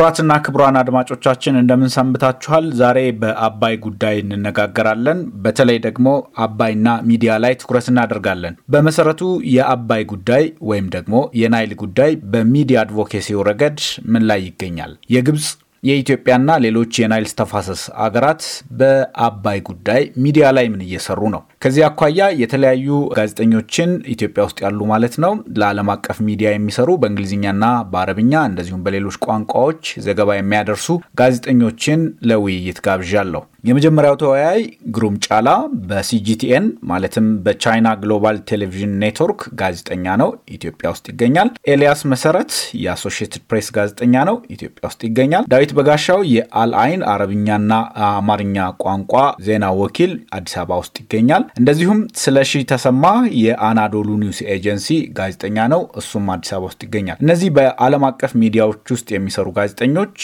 ክቡራትና ክቡራን አድማጮቻችን እንደምን ሰንብታችኋል? ዛሬ በአባይ ጉዳይ እንነጋገራለን። በተለይ ደግሞ አባይና ሚዲያ ላይ ትኩረት እናደርጋለን። በመሰረቱ የአባይ ጉዳይ ወይም ደግሞ የናይል ጉዳይ በሚዲያ አድቮኬሲው ረገድ ምን ላይ ይገኛል? የግብፅ የኢትዮጵያና ሌሎች የናይልስ ተፋሰስ አገራት በአባይ ጉዳይ ሚዲያ ላይ ምን እየሰሩ ነው? ከዚህ አኳያ የተለያዩ ጋዜጠኞችን ኢትዮጵያ ውስጥ ያሉ ማለት ነው ለዓለም አቀፍ ሚዲያ የሚሰሩ በእንግሊዝኛና በአረብኛ እንደዚሁም በሌሎች ቋንቋዎች ዘገባ የሚያደርሱ ጋዜጠኞችን ለውይይት ጋብዣለሁ። የመጀመሪያው ተወያይ ግሩም ጫላ በሲጂቲኤን ማለትም በቻይና ግሎባል ቴሌቪዥን ኔትወርክ ጋዜጠኛ ነው፣ ኢትዮጵያ ውስጥ ይገኛል። ኤልያስ መሰረት የአሶሽትድ ፕሬስ ጋዜጠኛ ነው፣ ኢትዮጵያ ውስጥ ይገኛል። ዳዊት በጋሻው የአልአይን አረብኛና አማርኛ ቋንቋ ዜና ወኪል አዲስ አበባ ውስጥ ይገኛል። እንደዚሁም ስለሺ ተሰማ የአናዶሉ ኒውስ ኤጀንሲ ጋዜጠኛ ነው፣ እሱም አዲስ አበባ ውስጥ ይገኛል። እነዚህ በዓለም አቀፍ ሚዲያዎች ውስጥ የሚሰሩ ጋዜጠኞች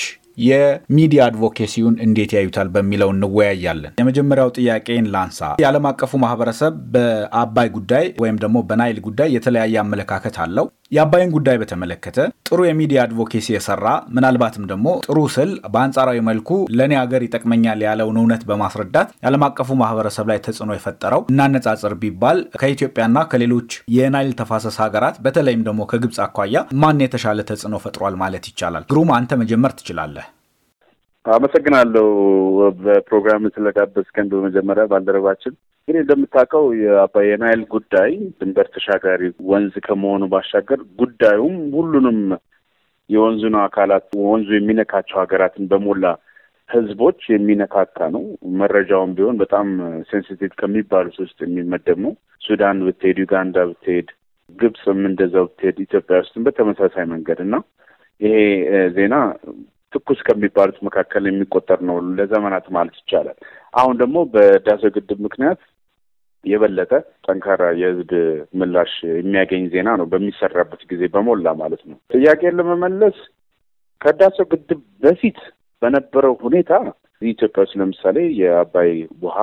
የሚዲያ አድቮኬሲውን እንዴት ያዩታል በሚለው እንወያያለን። የመጀመሪያው ጥያቄን ላንሳ። የዓለም አቀፉ ማህበረሰብ በአባይ ጉዳይ ወይም ደግሞ በናይል ጉዳይ የተለያየ አመለካከት አለው። የአባይን ጉዳይ በተመለከተ ጥሩ የሚዲያ አድቮኬሲ የሰራ ምናልባትም ደግሞ ጥሩ ስል በአንጻራዊ መልኩ ለእኔ ሀገር ይጠቅመኛል ያለውን እውነት በማስረዳት የዓለም አቀፉ ማህበረሰብ ላይ ተጽዕኖ የፈጠረው እናነጻጽር ቢባል ከኢትዮጵያና ከሌሎች የናይል ተፋሰስ ሀገራት በተለይም ደግሞ ከግብፅ አኳያ ማን የተሻለ ተጽዕኖ ፈጥሯል ማለት ይቻላል? ግሩም አንተ መጀመር ትችላለህ። አመሰግናለሁ በፕሮግራም ስለጋበዝከን። በመጀመሪያ ባልደረባችን እንግዲህ እንደምታውቀው የአባይ የናይል ጉዳይ ድንበር ተሻጋሪ ወንዝ ከመሆኑ ባሻገር ጉዳዩም ሁሉንም የወንዙን አካላት ወንዙ የሚነካቸው ሀገራትን በሞላ ህዝቦች የሚነካካ ነው። መረጃውም ቢሆን በጣም ሴንሲቲቭ ከሚባሉት ውስጥ የሚመደብ ነው። ሱዳን ብትሄድ፣ ዩጋንዳ ብትሄድ፣ ግብፅም እንደዛው ብትሄድ፣ ኢትዮጵያ ውስጥም በተመሳሳይ መንገድ እና ይሄ ዜና ትኩስ ከሚባሉት መካከል የሚቆጠር ነው ለዘመናት ማለት ይቻላል። አሁን ደግሞ በህዳሴው ግድብ ምክንያት የበለጠ ጠንካራ የህዝብ ምላሽ የሚያገኝ ዜና ነው በሚሰራበት ጊዜ በሞላ ማለት ነው። ጥያቄን ለመመለስ ከህዳሴው ግድብ በፊት በነበረው ሁኔታ ኢትዮጵያ ውስጥ ለምሳሌ የአባይ ውሃ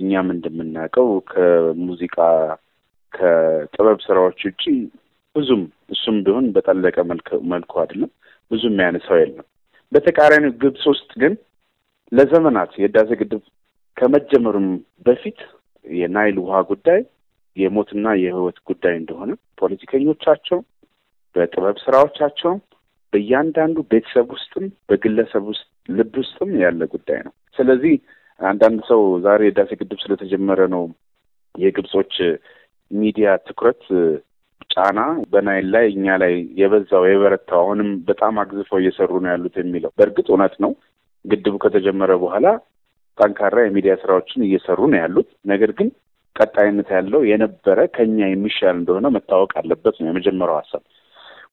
እኛም እንደምናውቀው ከሙዚቃ ከጥበብ ስራዎች ውጭ ብዙም እሱም ቢሆን በጠለቀ መልኩ አይደለም ብዙም ያነሳው የለም። በተቃራኒው ግብጽ ውስጥ ግን ለዘመናት የህዳሴ ግድብ ከመጀመሩም በፊት የናይል ውሃ ጉዳይ የሞትና የህይወት ጉዳይ እንደሆነ ፖለቲከኞቻቸው በጥበብ ስራዎቻቸው በእያንዳንዱ ቤተሰብ ውስጥም በግለሰብ ውስጥ ልብ ውስጥም ያለ ጉዳይ ነው። ስለዚህ አንዳንድ ሰው ዛሬ የህዳሴ ግድብ ስለተጀመረ ነው የግብጾች ሚዲያ ትኩረት ጫና በናይል ላይ እኛ ላይ የበዛው የበረታው አሁንም በጣም አግዝፈው እየሰሩ ነው ያሉት የሚለው በእርግጥ እውነት ነው። ግድቡ ከተጀመረ በኋላ ጠንካራ የሚዲያ ስራዎችን እየሰሩ ነው ያሉት። ነገር ግን ቀጣይነት ያለው የነበረ ከኛ የሚሻል እንደሆነ መታወቅ አለበት ነው የመጀመሪያው ሀሳብ።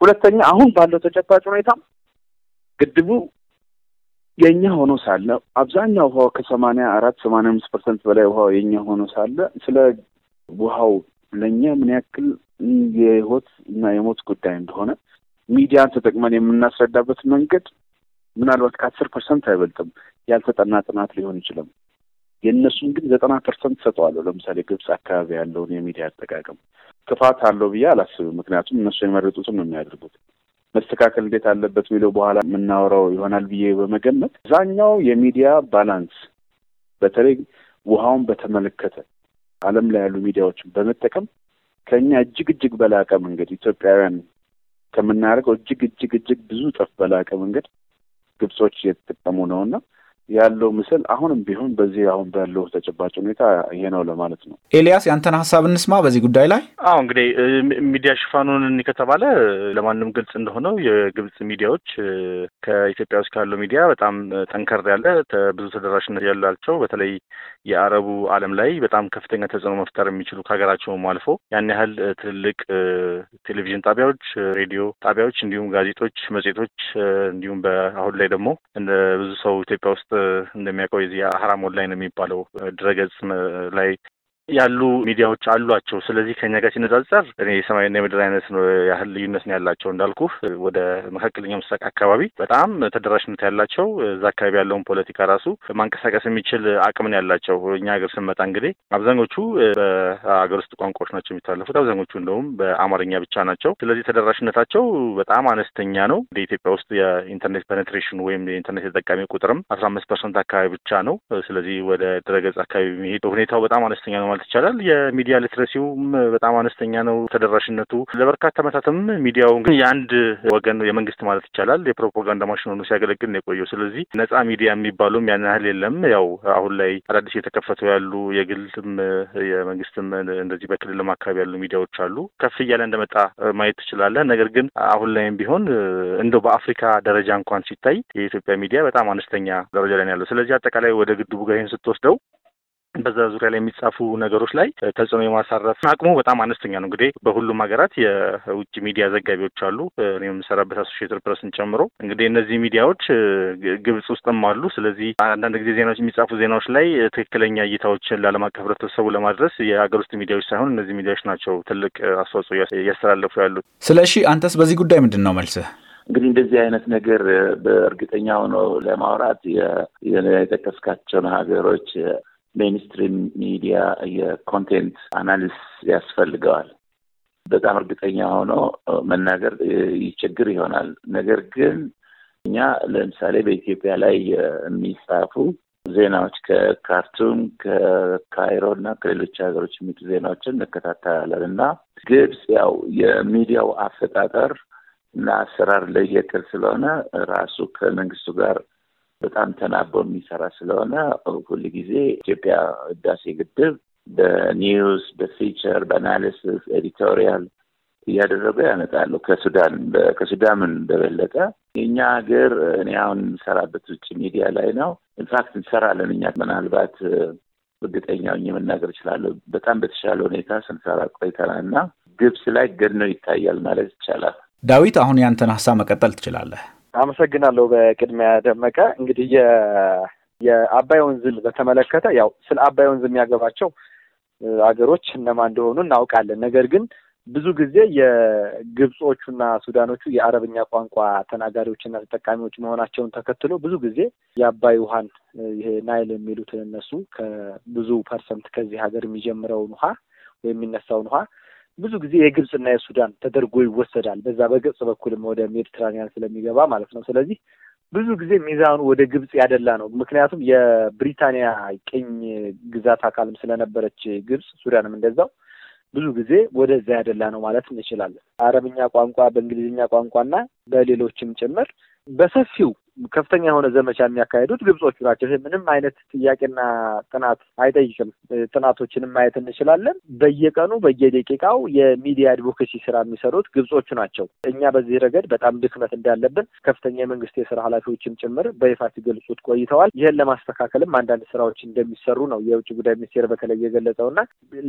ሁለተኛ አሁን ባለው ተጨባጭ ሁኔታ ግድቡ የእኛ ሆኖ ሳለ አብዛኛው ውሃ ከሰማንያ አራት ሰማንያ አምስት ፐርሰንት በላይ ውሃ የኛ ሆኖ ሳለ ስለ ውሃው ለእኛ ምን ያክል የህይወት እና የሞት ጉዳይ እንደሆነ ሚዲያን ተጠቅመን የምናስረዳበት መንገድ ምናልባት ከአስር ፐርሰንት አይበልጥም። ያልተጠና ጥናት ሊሆን ይችላል። የእነሱን ግን ዘጠና ፐርሰንት ሰጠዋለሁ። ለምሳሌ ግብፅ አካባቢ ያለውን የሚዲያ አጠቃቀም ክፋት አለው ብዬ አላስብም። ምክንያቱም እነሱ የመረጡትም ነው የሚያደርጉት። መስተካከል እንዴት አለበት የሚለው በኋላ የምናወራው ይሆናል ብዬ በመገመት አብዛኛው የሚዲያ ባላንስ በተለይ ውሃውን በተመለከተ ዓለም ላይ ያሉ ሚዲያዎችን በመጠቀም ከኛ እጅግ እጅግ በላቀ መንገድ ኢትዮጵያውያን ከምናደርገው እጅግ እጅግ እጅግ ብዙ ጠፍ በላቀ መንገድ ግብጾች እየተጠቀሙ ነውና ያለው ምስል አሁንም ቢሆን በዚህ አሁን ባለው ተጨባጭ ሁኔታ ይሄ ነው ለማለት ነው። ኤልያስ ያንተን ሀሳብ እንስማ በዚህ ጉዳይ ላይ። አዎ እንግዲህ ሚዲያ ሽፋኑን እኒ ከተባለ ለማንም ግልጽ እንደሆነው የግብጽ ሚዲያዎች ከኢትዮጵያ ውስጥ ካለው ሚዲያ በጣም ጠንከር ያለ ብዙ ተደራሽነት ያላቸው በተለይ የአረቡ ዓለም ላይ በጣም ከፍተኛ ተጽዕኖ መፍጠር የሚችሉ ከሀገራቸውም አልፎ ያን ያህል ትልልቅ ቴሌቪዥን ጣቢያዎች፣ ሬዲዮ ጣቢያዎች እንዲሁም ጋዜጦች፣ መጽሔቶች እንዲሁም በአሁን ላይ ደግሞ ብዙ ሰው ኢትዮጵያ ውስጥ እንደሚያውቀው የዚህ አህራ ኦንላይን የሚባለው ድረገጽ ላይ ያሉ ሚዲያዎች አሏቸው። ስለዚህ ከኛ ጋር ሲነጻጸር እኔ የሰማይና የምድር አይነት ያህል ልዩነት ነው ያላቸው። እንዳልኩ ወደ መካከለኛው ምስራቅ አካባቢ በጣም ተደራሽነት ያላቸው እዛ አካባቢ ያለውን ፖለቲካ ራሱ ማንቀሳቀስ የሚችል አቅም ነው ያላቸው። እኛ ሀገር ስንመጣ እንግዲህ አብዛኞቹ በሀገር ውስጥ ቋንቋዎች ናቸው የሚታለፉት፣ አብዛኞቹ እንደውም በአማርኛ ብቻ ናቸው። ስለዚህ ተደራሽነታቸው በጣም አነስተኛ ነው። እንደ ኢትዮጵያ ውስጥ የኢንተርኔት ፔኔትሬሽን ወይም የኢንተርኔት ተጠቃሚ ቁጥርም አስራ አምስት ፐርሰንት አካባቢ ብቻ ነው። ስለዚህ ወደ ድረገጽ አካባቢ የሚሄድ ሁኔታው በጣም አነስተኛ ነው። ማለት ይቻላል። የሚዲያ ሊትረሲውም በጣም አነስተኛ ነው ተደራሽነቱ። ለበርካታ ዓመታትም ሚዲያው የአንድ ወገን የመንግስት ማለት ይቻላል የፕሮፓጋንዳ ማሽን ሆኖ ሲያገለግል ነው የቆየው። ስለዚህ ነጻ ሚዲያ የሚባሉም ያን ያህል የለም። ያው አሁን ላይ አዳዲስ የተከፈቱ ያሉ የግልም የመንግስትም እንደዚህ በክልልም አካባቢ ያሉ ሚዲያዎች አሉ። ከፍ እያለ እንደመጣ ማየት ትችላለህ። ነገር ግን አሁን ላይም ቢሆን እንደው በአፍሪካ ደረጃ እንኳን ሲታይ የኢትዮጵያ ሚዲያ በጣም አነስተኛ ደረጃ ላይ ያለው። ስለዚህ አጠቃላይ ወደ ግድቡ ጋር ይህን ስትወስደው በዛ ዙሪያ ላይ የሚጻፉ ነገሮች ላይ ተጽዕኖ የማሳረፍ አቅሙ በጣም አነስተኛ ነው። እንግዲህ በሁሉም ሀገራት የውጭ ሚዲያ ዘጋቢዎች አሉ። እኔ የምሰራበት አሶሽየትድ ፕረስን ጨምሮ እንግዲህ እነዚህ ሚዲያዎች ግብጽ ውስጥም አሉ። ስለዚህ አንዳንድ ጊዜ ዜናዎች የሚጻፉ ዜናዎች ላይ ትክክለኛ እይታዎችን ለዓለም አቀፍ ህብረተሰቡ ለማድረስ የሀገር ውስጥ ሚዲያዎች ሳይሆን እነዚህ ሚዲያዎች ናቸው ትልቅ አስተዋጽኦ እያስተላለፉ ያሉት። ስለሺ አንተስ በዚህ ጉዳይ ምንድን ነው መልስህ? እንግዲህ እንደዚህ አይነት ነገር በእርግጠኛ ሆኖ ለማውራት የጠቀስካቸውን ሀገሮች ሜንስትሪም ሚዲያ የኮንቴንት አናሊስ ያስፈልገዋል። በጣም እርግጠኛ ሆኖ መናገር ይቸግር ይሆናል። ነገር ግን እኛ ለምሳሌ በኢትዮጵያ ላይ የሚጻፉ ዜናዎች ከካርቱም ከካይሮ እና ከሌሎች ሀገሮች የሚጡ ዜናዎችን እንከታተላለን እና ግብጽ ያው የሚዲያው አፈጣጠር እና አሰራር ለየቅል ስለሆነ ራሱ ከመንግስቱ ጋር በጣም ተናቦ የሚሰራ ስለሆነ ሁል ጊዜ ኢትዮጵያ ህዳሴ ግድብ በኒውስ በፊቸር በአናሊሲስ ኤዲቶሪያል እያደረጉ ያመጣሉ። ከሱዳን ከሱዳምን በበለጠ የእኛ ሀገር እኔ አሁን እንሰራበት ውጭ ሚዲያ ላይ ነው። ኢንፋክት እንሰራለን እኛ ምናልባት እርግጠኛው መናገር እችላለሁ። በጣም በተሻለ ሁኔታ ስንሰራ ቆይተናል እና ግብጽ ላይ ገድነው ይታያል ማለት ይቻላል። ዳዊት፣ አሁን ያንተን ሀሳብ መቀጠል ትችላለህ። አመሰግናለሁ። በቅድሚያ ደመቀ እንግዲህ የአባይ ወንዝን በተመለከተ ያው ስለ አባይ ወንዝ የሚያገባቸው አገሮች እነማን እንደሆኑ እናውቃለን። ነገር ግን ብዙ ጊዜ የግብጾቹና ሱዳኖቹ የአረብኛ ቋንቋ ተናጋሪዎችና ተጠቃሚዎች መሆናቸውን ተከትሎ ብዙ ጊዜ የአባይ ውሃን ይሄ ናይል የሚሉትን እነሱ ከብዙ ፐርሰንት ከዚህ ሀገር የሚጀምረውን ውሃ ወይም የሚነሳውን ውሃ ብዙ ጊዜ የግብፅና የሱዳን ተደርጎ ይወሰዳል። በዛ በግብፅ በኩልም ወደ ሜዲትራኒያን ስለሚገባ ማለት ነው። ስለዚህ ብዙ ጊዜ ሚዛኑ ወደ ግብፅ ያደላ ነው። ምክንያቱም የብሪታንያ ቅኝ ግዛት አካልም ስለነበረች ግብፅ፣ ሱዳንም እንደዛው ብዙ ጊዜ ወደዛ ያደላ ነው ማለት እንችላለን። አረብኛ ቋንቋ፣ በእንግሊዝኛ ቋንቋና በሌሎችም ጭምር በሰፊው ከፍተኛ የሆነ ዘመቻ የሚያካሄዱት ግብጾቹ ናቸው። ይህ ምንም አይነት ጥያቄና ጥናት አይጠይቅም። ጥናቶችንም ማየት እንችላለን። በየቀኑ በየደቂቃው የሚዲያ አድቮኬሲ ስራ የሚሰሩት ግብጾቹ ናቸው። እኛ በዚህ ረገድ በጣም ድክመት እንዳለብን ከፍተኛ የመንግስት የስራ ኃላፊዎችም ጭምር በይፋ ሲገልጹት ቆይተዋል። ይህን ለማስተካከልም አንዳንድ ስራዎች እንደሚሰሩ ነው የውጭ ጉዳይ ሚኒስቴር በተለይ የገለጸው እና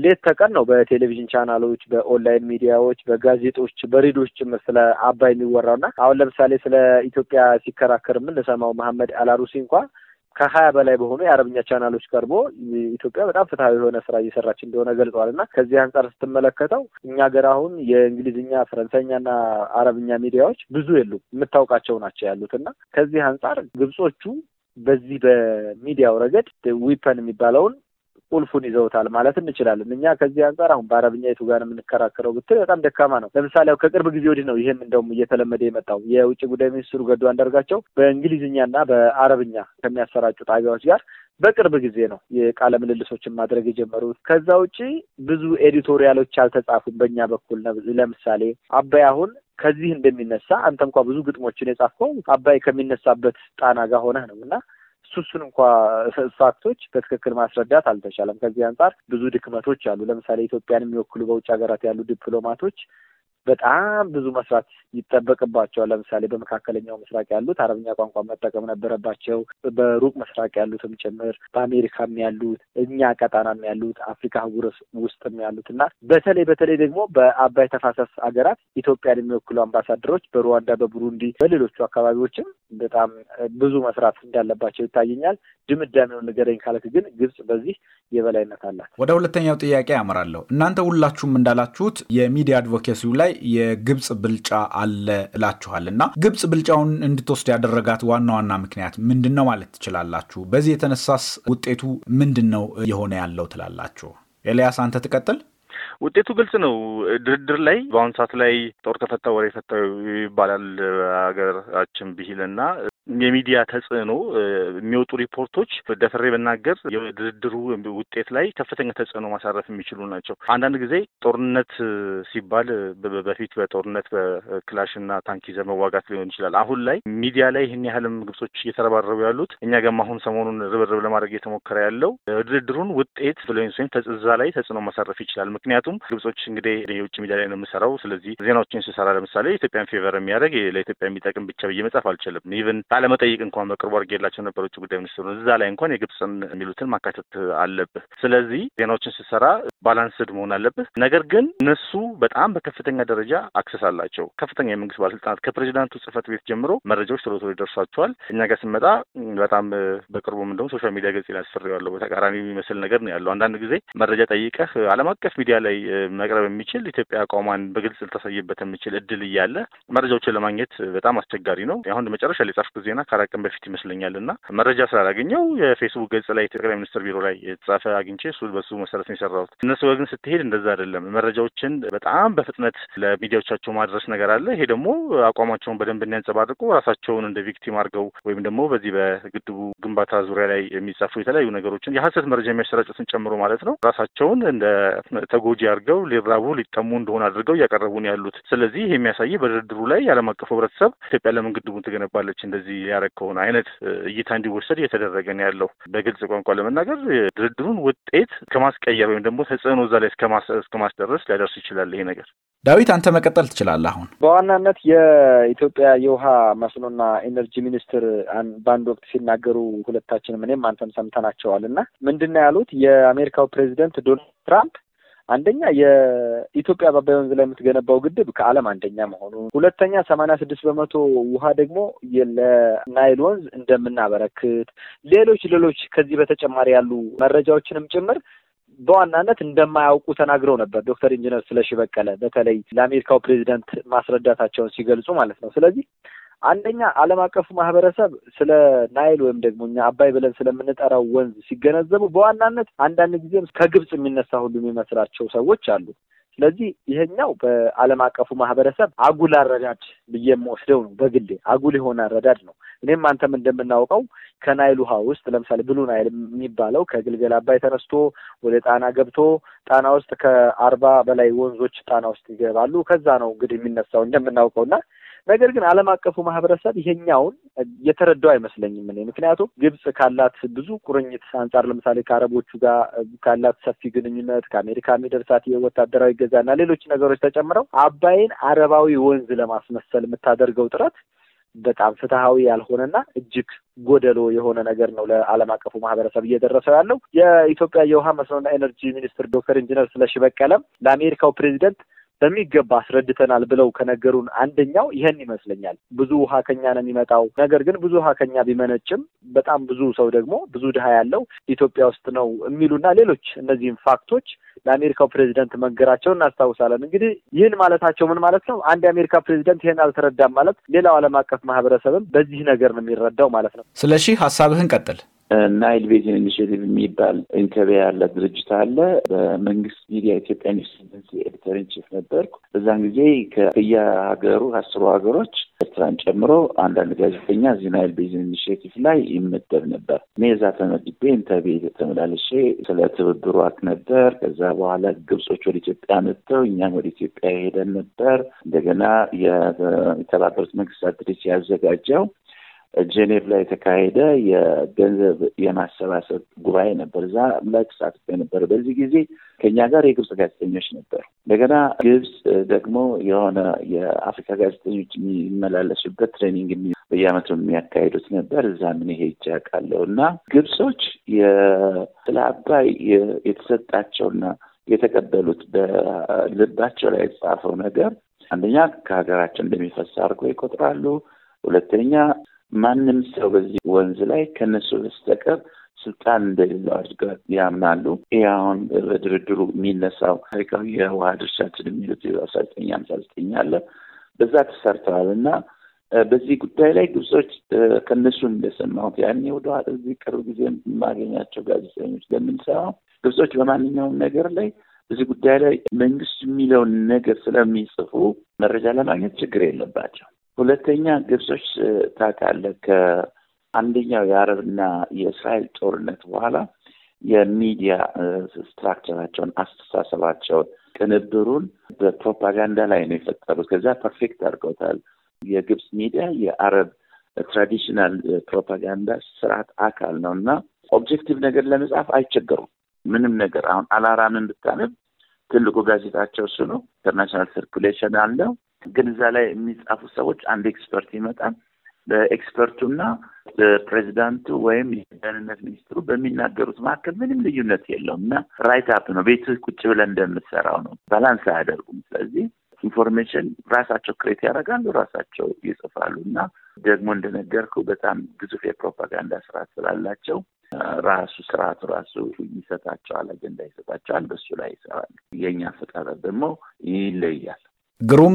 ሌት ተቀን ነው በቴሌቪዥን ቻናሎች፣ በኦንላይን ሚዲያዎች፣ በጋዜጦች፣ በሬዲዮች ጭምር ስለ አባይ የሚወራው እና አሁን ለምሳሌ ስለ ኢትዮጵያ ሲከራከር ቁጥር የምንሰማው መሐመድ አላሩሲ እንኳ ከሀያ በላይ በሆኑ የአረብኛ ቻናሎች ቀርቦ ኢትዮጵያ በጣም ፍትሐዊ የሆነ ስራ እየሰራች እንደሆነ ገልጸዋል እና ከዚህ አንጻር ስትመለከተው እኛ ሀገር አሁን የእንግሊዝኛ ፈረንሳይኛና አረብኛ ሚዲያዎች ብዙ የሉም፣ የምታውቃቸው ናቸው ያሉት እና ከዚህ አንጻር ግብጾቹ በዚህ በሚዲያው ረገድ ዊፐን የሚባለውን ቁልፉን ይዘውታል ማለት እንችላለን። እኛ ከዚህ አንጻር አሁን በአረብኛ የቱ ጋር የምንከራከረው ብትል በጣም ደካማ ነው። ለምሳሌ ከቅርብ ጊዜ ወዲህ ነው ይህም እንደውም እየተለመደ የመጣው የውጭ ጉዳይ ሚኒስትሩ ገዱ አንዳርጋቸው በእንግሊዝኛና በአረብኛ ከሚያሰራጩ ጣቢያዎች ጋር በቅርብ ጊዜ ነው የቃለ ምልልሶችን ማድረግ የጀመሩት። ከዛ ውጪ ብዙ ኤዲቶሪያሎች አልተጻፉም በእኛ በኩል። ለምሳሌ አባይ አሁን ከዚህ እንደሚነሳ አንተ እንኳ ብዙ ግጥሞችን የጻፍከው አባይ ከሚነሳበት ጣና ጋር ሆነህ ነው እና እሱ እንኳ ፋክቶች በትክክል ማስረዳት አልተቻለም። ከዚህ አንጻር ብዙ ድክመቶች አሉ። ለምሳሌ ኢትዮጵያን የሚወክሉ በውጭ ሀገራት ያሉ ዲፕሎማቶች በጣም ብዙ መስራት ይጠበቅባቸዋል። ለምሳሌ በመካከለኛው ምስራቅ ያሉት አረብኛ ቋንቋ መጠቀም ነበረባቸው። በሩቅ ምስራቅ ያሉትም ጭምር፣ በአሜሪካም ያሉት፣ እኛ ቀጣናም ያሉት፣ አፍሪካ አህጉር ውስጥም ያሉት እና በተለይ በተለይ ደግሞ በአባይ ተፋሰስ ሀገራት ኢትዮጵያን የሚወክሉ አምባሳደሮች በሩዋንዳ፣ በቡሩንዲ፣ በሌሎቹ አካባቢዎችም በጣም ብዙ መስራት እንዳለባቸው ይታየኛል። ድምዳሜውን ንገረኝ ካልክ ግን ግብጽ በዚህ የበላይነት አላት። ወደ ሁለተኛው ጥያቄ አመራለሁ እናንተ ሁላችሁም እንዳላችሁት የሚዲያ አድቮኬሲው ላይ የግብፅ ብልጫ አለ እላችኋል እና ግብፅ ብልጫውን እንድትወስድ ያደረጋት ዋና ዋና ምክንያት ምንድን ነው ማለት ትችላላችሁ? በዚህ የተነሳስ ውጤቱ ምንድን ነው የሆነ ያለው ትላላችሁ? ኤልያስ አንተ ትቀጥል። ውጤቱ ግልጽ ነው። ድርድር ላይ በአሁኑ ሰዓት ላይ ጦር ከፈታ ወሬ ፈታው ይባላል ሀገራችን ብሂል እና የሚዲያ ተጽዕኖ የሚወጡ ሪፖርቶች ደፍሬ ብናገር የድርድሩ ውጤት ላይ ከፍተኛ ተጽዕኖ ማሳረፍ የሚችሉ ናቸው። አንዳንድ ጊዜ ጦርነት ሲባል በፊት በጦርነት በክላሽና ታንክ ይዘ መዋጋት ሊሆን ይችላል። አሁን ላይ ሚዲያ ላይ ይህን ያህልም ግብጾች እየተረባረቡ ያሉት እኛ ገም አሁን ሰሞኑን ርብርብ ለማድረግ እየተሞከረ ያለው ድርድሩን ውጤት ፍሉዌንስ ወይም ተጽዛ ላይ ተጽዕኖ ማሳረፍ ይችላል። ምክንያቱም ግብጾች እንግዲህ የውጭ ሚዲያ ላይ ነው የምሰራው። ስለዚህ ዜናዎችን ስሰራ ለምሳሌ ኢትዮጵያን ፌቨር የሚያደርግ ለኢትዮጵያ የሚጠቅም ብቻ ብዬ መጻፍ አልችልም። ኢቨን ቃለመጠይቅ እንኳን በቅርቡ አድርጌላቸው ነበር ውጭ ጉዳይ ሚኒስትሩ። እዛ ላይ እንኳን የግብፅን የሚሉትን ማካተት አለብህ። ስለዚህ ዜናዎችን ስትሰራ ባላንስድ መሆን አለበት። ነገር ግን እነሱ በጣም በከፍተኛ ደረጃ አክሰስ አላቸው። ከፍተኛ የመንግስት ባለስልጣናት ከፕሬዚዳንቱ ጽህፈት ቤት ጀምሮ መረጃዎች ቶሎ ቶሎ ይደርሷቸዋል። እኛ ጋር ስንመጣ በጣም በቅርቡም እንደውም ሶሻል ሚዲያ ገጽ ያስፈሪዋለሁ። በተቃራኒ የሚመስል ነገር ነው ያለው። አንዳንድ ጊዜ መረጃ ጠይቀህ ዓለም አቀፍ ሚዲያ ላይ መቅረብ የሚችል ኢትዮጵያ አቋሟን በግልጽ ልታሳይበት የሚችል እድል እያለ መረጃዎችን ለማግኘት በጣም አስቸጋሪ ነው። አሁን መጨረሻ ላይ የጻፍኩት ዜና ከአራት ቀን በፊት ይመስለኛል እና መረጃ ስላላገኘው የፌስቡክ ገጽ ላይ ጠቅላይ ሚኒስትር ቢሮ ላይ የተጻፈ አግኝቼ እሱ በሱ መሰረት ነው የሰራሁት። እነሱ ወግን ስትሄድ እንደዛ አይደለም። መረጃዎችን በጣም በፍጥነት ለሚዲያዎቻቸው ማድረስ ነገር አለ። ይሄ ደግሞ አቋማቸውን በደንብ እንዲያንጸባርቁ ራሳቸውን እንደ ቪክቲም አድርገው ወይም ደግሞ በዚህ በግድቡ ግንባታ ዙሪያ ላይ የሚጻፉ የተለያዩ ነገሮችን የሀሰት መረጃ የሚያሰራጩትን ጨምሮ ማለት ነው ራሳቸውን እንደ ተጎጂ አድርገው ሊራቡ ሊጠሙ እንደሆነ አድርገው እያቀረቡ ያሉት። ስለዚህ ይህ የሚያሳይ በድርድሩ ላይ የዓለም አቀፉ ህብረተሰብ ኢትዮጵያ ለምን ግድቡን ትገነባለች እንደዚህ ያደረግ ከሆነ አይነት እይታ እንዲወሰድ እየተደረገን ያለው። በግልጽ ቋንቋ ለመናገር ድርድሩን ውጤት ከማስቀየር ወይም ደግሞ ተጽዕኖ እዛ ላይ እስከ ማስደረስ ሊያደርስ ይችላል ይሄ ነገር። ዳዊት አንተ መቀጠል ትችላለህ። አሁን በዋናነት የኢትዮጵያ የውሃ መስኖና ኢነርጂ ሚኒስትር በአንድ ወቅት ሲናገሩ ሁለታችን እኔም አንተም ሰምተናቸዋል እና ምንድን ነው ያሉት የአሜሪካው ፕሬዚደንት ዶናልድ ትራምፕ አንደኛ የኢትዮጵያ በአባይ ወንዝ ላይ የምትገነባው ግድብ ከዓለም አንደኛ መሆኑ፣ ሁለተኛ ሰማንያ ስድስት በመቶ ውሃ ደግሞ ለናይል ወንዝ እንደምናበረክት ሌሎች ሌሎች ከዚህ በተጨማሪ ያሉ መረጃዎችንም ጭምር በዋናነት እንደማያውቁ ተናግረው ነበር ዶክተር ኢንጂነር ስለሺ በቀለ በተለይ ለአሜሪካው ፕሬዚደንት ማስረዳታቸውን ሲገልጹ ማለት ነው። ስለዚህ አንደኛ ዓለም አቀፉ ማህበረሰብ ስለ ናይል ወይም ደግሞ እኛ አባይ ብለን ስለምንጠራው ወንዝ ሲገነዘቡ በዋናነት አንዳንድ ጊዜም ከግብጽ የሚነሳ ሁሉ የሚመስላቸው ሰዎች አሉ። ስለዚህ ይሄኛው በዓለም አቀፉ ማህበረሰብ አጉል አረዳድ ብዬ የምወስደው ነው። በግሌ አጉል የሆነ አረዳድ ነው። እኔም አንተም እንደምናውቀው ከናይል ውሃ ውስጥ ለምሳሌ ብሉ ናይል የሚባለው ከግልገል አባይ ተነስቶ ወደ ጣና ገብቶ ጣና ውስጥ ከአርባ በላይ ወንዞች ጣና ውስጥ ይገባሉ። ከዛ ነው እንግዲህ የሚነሳው እና ነገር ግን ዓለም አቀፉ ማህበረሰብ ይሄኛውን የተረዳው አይመስለኝም እኔ ምክንያቱም ግብጽ ካላት ብዙ ቁርኝት አንጻር ለምሳሌ ከአረቦቹ ጋር ካላት ሰፊ ግንኙነት ከአሜሪካ የሚደርሳት የወታደራዊ ገዛና ሌሎች ነገሮች ተጨምረው አባይን አረባዊ ወንዝ ለማስመሰል የምታደርገው ጥረት በጣም ፍትሐዊ ያልሆነና እጅግ ጎደሎ የሆነ ነገር ነው ለዓለም አቀፉ ማህበረሰብ እየደረሰው ያለው። የኢትዮጵያ የውሃ መስኖና ኤነርጂ ሚኒስትር ዶክተር ኢንጂነር ስለሺ በቀለም ለአሜሪካው ፕሬዚደንት በሚገባ አስረድተናል ብለው ከነገሩን አንደኛው ይህን ይመስለኛል። ብዙ ውሃ ከኛ ነው የሚመጣው። ነገር ግን ብዙ ውሃ ከኛ ቢመነጭም በጣም ብዙ ሰው ደግሞ ብዙ ድሀ ያለው ኢትዮጵያ ውስጥ ነው የሚሉና ሌሎች እነዚህም ፋክቶች ለአሜሪካው ፕሬዚደንት መንገራቸውን እናስታውሳለን። እንግዲህ ይህን ማለታቸው ምን ማለት ነው? አንድ የአሜሪካ ፕሬዚደንት ይህን አልተረዳም ማለት ሌላው ዓለም አቀፍ ማህበረሰብም በዚህ ነገር ነው የሚረዳው ማለት ነው። ስለሺህ ሀሳብህን ቀጥል። ናይል ቤዚን ኢኒሽቲቭ የሚባል ኢንከቤ ያለ ድርጅት አለ። በመንግስት ሚዲያ ኢትዮጵያ ኒውስ ኤጀንሲ ኤዲተር ኢን ቺፍ ነበርኩ። በዛን ጊዜ ከእያ ሀገሩ አስሩ ሀገሮች ኤርትራን ጨምሮ አንዳንድ ጋዜጠኛ እዚህ ናይል ቤዝን ኢኒሽቲቭ ላይ ይመደብ ነበር። እኔ እዛ ተመድቤ ኢንተርቪ ተመላለሼ ስለ ትብብሩ አቅ ነበር። ከዛ በኋላ ግብጾች ወደ ኢትዮጵያ መጥተው እኛም ወደ ኢትዮጵያ ሄደን ነበር። እንደገና የተባበሩት መንግስታት ድርጅት ያዘጋጀው ጄኔቭ ላይ የተካሄደ የገንዘብ የማሰባሰብ ጉባኤ ነበር። እዛ ላይ ተሳትፎ በዚህ ጊዜ ከኛ ጋር የግብፅ ጋዜጠኞች ነበሩ። እንደገና ግብፅ ደግሞ የሆነ የአፍሪካ ጋዜጠኞች የሚመላለሱበት ትሬኒንግ በየአመቱ የሚያካሂዱት ነበር። እዛ ምን ይሄ ይቻቃለሁ እና ግብጾች ስለ አባይ የተሰጣቸውና የተቀበሉት በልባቸው ላይ የተጻፈው ነገር አንደኛ ከሀገራቸው እንደሚፈሳ አድርጎ ይቆጥራሉ። ሁለተኛ ማንም ሰው በዚህ ወንዝ ላይ ከነሱ በስተቀር ስልጣን እንደሌለው አድርገው ያምናሉ። ይህ አሁን በድርድሩ የሚነሳው ታሪካዊ የውሃ ድርሻችን የሚሉት አስራ ዘጠኝ ዘጠኝ አለ በዛ ተሰርተዋል እና በዚህ ጉዳይ ላይ ግብጾች ከነሱ እንደሰማሁት ያኔ ወደ እዚህ ቅርብ ጊዜ የማገኛቸው ጋዜጠኞች ለምንሰማው ግብጾች በማንኛውም ነገር ላይ በዚህ ጉዳይ ላይ መንግስት የሚለውን ነገር ስለሚጽፉ መረጃ ለማግኘት ችግር የለባቸው። ሁለተኛ ግብጾች ታውቃለህ ከአንደኛው የአረብና የእስራኤል ጦርነት በኋላ የሚዲያ ስትራክቸራቸውን፣ አስተሳሰባቸውን፣ ቅንብሩን በፕሮፓጋንዳ ላይ ነው የፈጠሩት። ከዛ ፐርፌክት አድርገውታል። የግብጽ ሚዲያ የአረብ ትራዲሽናል ፕሮፓጋንዳ ስርዓት አካል ነው እና ኦብጀክቲቭ ነገር ለመጻፍ አይቸገሩም። ምንም ነገር አሁን አላራምን ብታነብ ትልቁ ጋዜጣቸው እሱ ነው። ኢንተርናሽናል ሰርኩሌሽን አለው ግን እዛ ላይ የሚጻፉ ሰዎች አንድ ኤክስፐርት ይመጣል። በኤክስፐርቱና በፕሬዚዳንቱ ወይም የደህንነት ሚኒስትሩ በሚናገሩት መካከል ምንም ልዩነት የለውም እና ራይት አፕ ነው። ቤት ቁጭ ብለን እንደምትሰራው ነው። ባላንስ አያደርጉም። ስለዚህ ኢንፎርሜሽን ራሳቸው ክሬት ያደርጋሉ፣ ራሳቸው ይጽፋሉ እና ደግሞ እንደነገርኩ በጣም ግዙፍ የፕሮፓጋንዳ ስርዓት ስላላቸው ራሱ ስርዓቱ ራሱ ይሰጣቸዋል፣ አጀንዳ ይሰጣቸዋል። በሱ ላይ ይሰራል። የእኛ አፈጣጠር ደግሞ ይለያል። ግሩም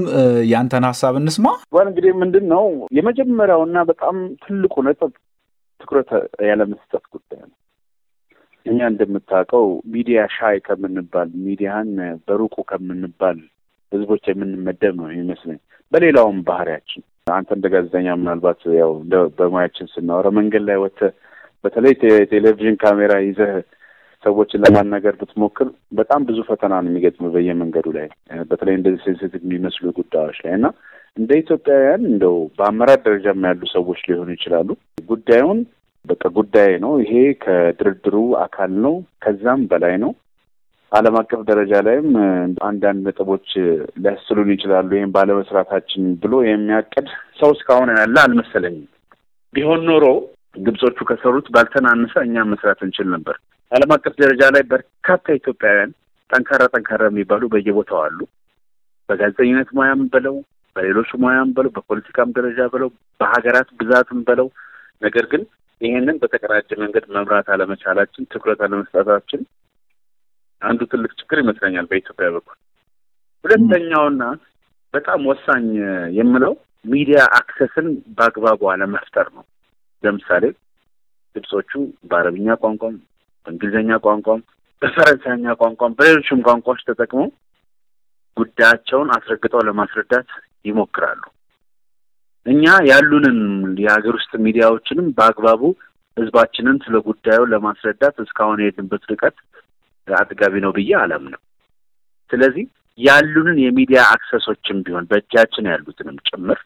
ያንተን ሀሳብ እንስማ። እንግዲህ ምንድን ነው የመጀመሪያውና በጣም ትልቁ ነጥብ ትኩረት ያለመስጠት ጉዳይ ነው። እኛ እንደምታውቀው ሚዲያ ሻይ ከምንባል ሚዲያን በሩቁ ከምንባል ህዝቦች የምንመደብ ነው ይመስለኝ። በሌላውም ባህሪያችን አንተ እንደ ጋዜጠኛ ምናልባት ያው በሙያችን ስናወራ መንገድ ላይ ወጥተህ በተለይ ቴሌቪዥን ካሜራ ይዘህ ሰዎችን ለማናገር ብትሞክር በጣም ብዙ ፈተና ነው የሚገጥም በየመንገዱ ላይ በተለይ እንደዚህ ሴንሲቲቭ የሚመስሉ ጉዳዮች ላይ እና እንደ ኢትዮጵያውያን እንደው በአመራር ደረጃም ያሉ ሰዎች ሊሆኑ ይችላሉ ጉዳዩን በቃ ጉዳይ ነው ይሄ ከድርድሩ አካል ነው ከዛም በላይ ነው አለም አቀፍ ደረጃ ላይም አንዳንድ ነጥቦች ሊያስሉን ይችላሉ ይህም ባለመስራታችን ብሎ የሚያቅድ ሰው እስካሁን ያለ አልመሰለኝም። ቢሆን ኖሮ ግብጾቹ ከሰሩት ባልተናነሰ እኛ መስራት እንችል ነበር። ዓለም አቀፍ ደረጃ ላይ በርካታ ኢትዮጵያውያን ጠንካራ ጠንካራ የሚባሉ በየቦታው አሉ። በጋዜጠኝነት ሙያም በለው በሌሎች ሙያም በለው በፖለቲካም ደረጃ በለው በሀገራት ብዛትም በለው ነገር ግን ይሄንን በተቀናጀ መንገድ መምራት አለመቻላችን፣ ትኩረት አለመስጠታችን አንዱ ትልቅ ችግር ይመስለኛል በኢትዮጵያ በኩል። ሁለተኛውና በጣም ወሳኝ የምለው ሚዲያ አክሰስን በአግባቡ አለመፍጠር ነው። ለምሳሌ ድምፆቹ በአረብኛ ቋንቋም በእንግሊዝኛ ቋንቋም በፈረንሳይኛ ቋንቋም በሌሎችም ቋንቋዎች ተጠቅመው ጉዳያቸውን አስረግጠው ለማስረዳት ይሞክራሉ። እኛ ያሉንን የሀገር ውስጥ ሚዲያዎችንም በአግባቡ ህዝባችንን ስለ ጉዳዩ ለማስረዳት እስካሁን የሄድንበት ርቀት አጥጋቢ ነው ብዬ አላምንም። ስለዚህ ያሉንን የሚዲያ አክሰሶችም ቢሆን በእጃችን ያሉትንም ጭምር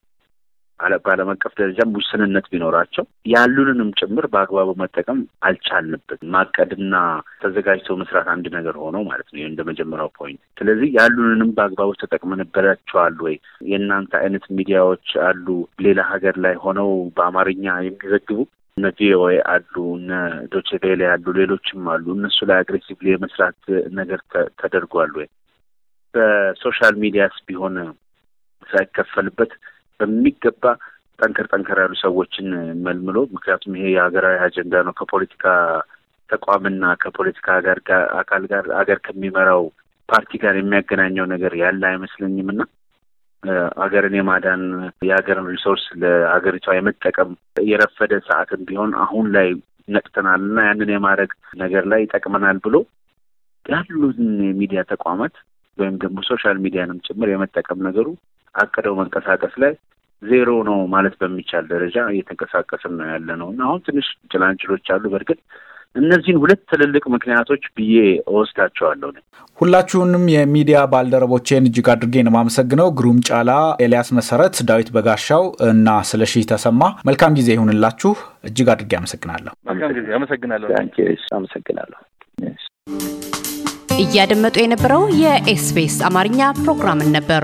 በዓለም አቀፍ ደረጃም ውስንነት ቢኖራቸው ያሉንንም ጭምር በአግባቡ መጠቀም አልቻልንበትም። ማቀድና ተዘጋጅተው መስራት አንድ ነገር ሆኖ ማለት ነው እንደ መጀመሪያው ፖይንት። ስለዚህ ያሉንንም በአግባቡ ተጠቅመንባቸዋል ወይ? የእናንተ አይነት ሚዲያዎች አሉ ሌላ ሀገር ላይ ሆነው በአማርኛ የሚዘግቡ እነ ቪኦኤ አሉ፣ እነ ዶችቬሌ ያሉ፣ ሌሎችም አሉ። እነሱ ላይ አግሬሲቭሊ የመስራት ነገር ተደርጓል ወይ? በሶሻል ሚዲያስ ቢሆን ሳይከፈልበት በሚገባ ጠንከር ጠንከር ያሉ ሰዎችን መልምሎ ምክንያቱም ይሄ የሀገራዊ አጀንዳ ነው ከፖለቲካ ተቋምና ከፖለቲካ ጋር አካል ጋር አገር ከሚመራው ፓርቲ ጋር የሚያገናኘው ነገር ያለ አይመስለኝም እና ሀገርን የማዳን የሀገርን ሪሶርስ ለሀገሪቷ የመጠቀም የረፈደ ሰዓትም ቢሆን አሁን ላይ ነቅተናል እና ያንን የማድረግ ነገር ላይ ይጠቅመናል ብሎ ያሉን የሚዲያ ተቋማት ወይም ደግሞ ሶሻል ሚዲያንም ጭምር የመጠቀም ነገሩ አቅደው መንቀሳቀስ ላይ ዜሮ ነው ማለት በሚቻል ደረጃ እየተንቀሳቀስን ነው ያለ ነው እና አሁን ትንሽ ጭላንጭሎች አሉ በእርግጥ እነዚህን ሁለት ትልልቅ ምክንያቶች ብዬ እወስዳቸዋለሁ። ሁላችሁንም የሚዲያ ባልደረቦቼን እጅግ አድርጌ ነው የማመሰግነው። ግሩም ጫላ፣ ኤልያስ መሰረት፣ ዳዊት በጋሻው እና ስለሺ ተሰማ መልካም ጊዜ ይሁንላችሁ። እጅግ አድርጌ አመሰግናለሁ። አመሰግናለሁ። እያደመጡ የነበረው የኤስቢኤስ አማርኛ ፕሮግራምን ነበር።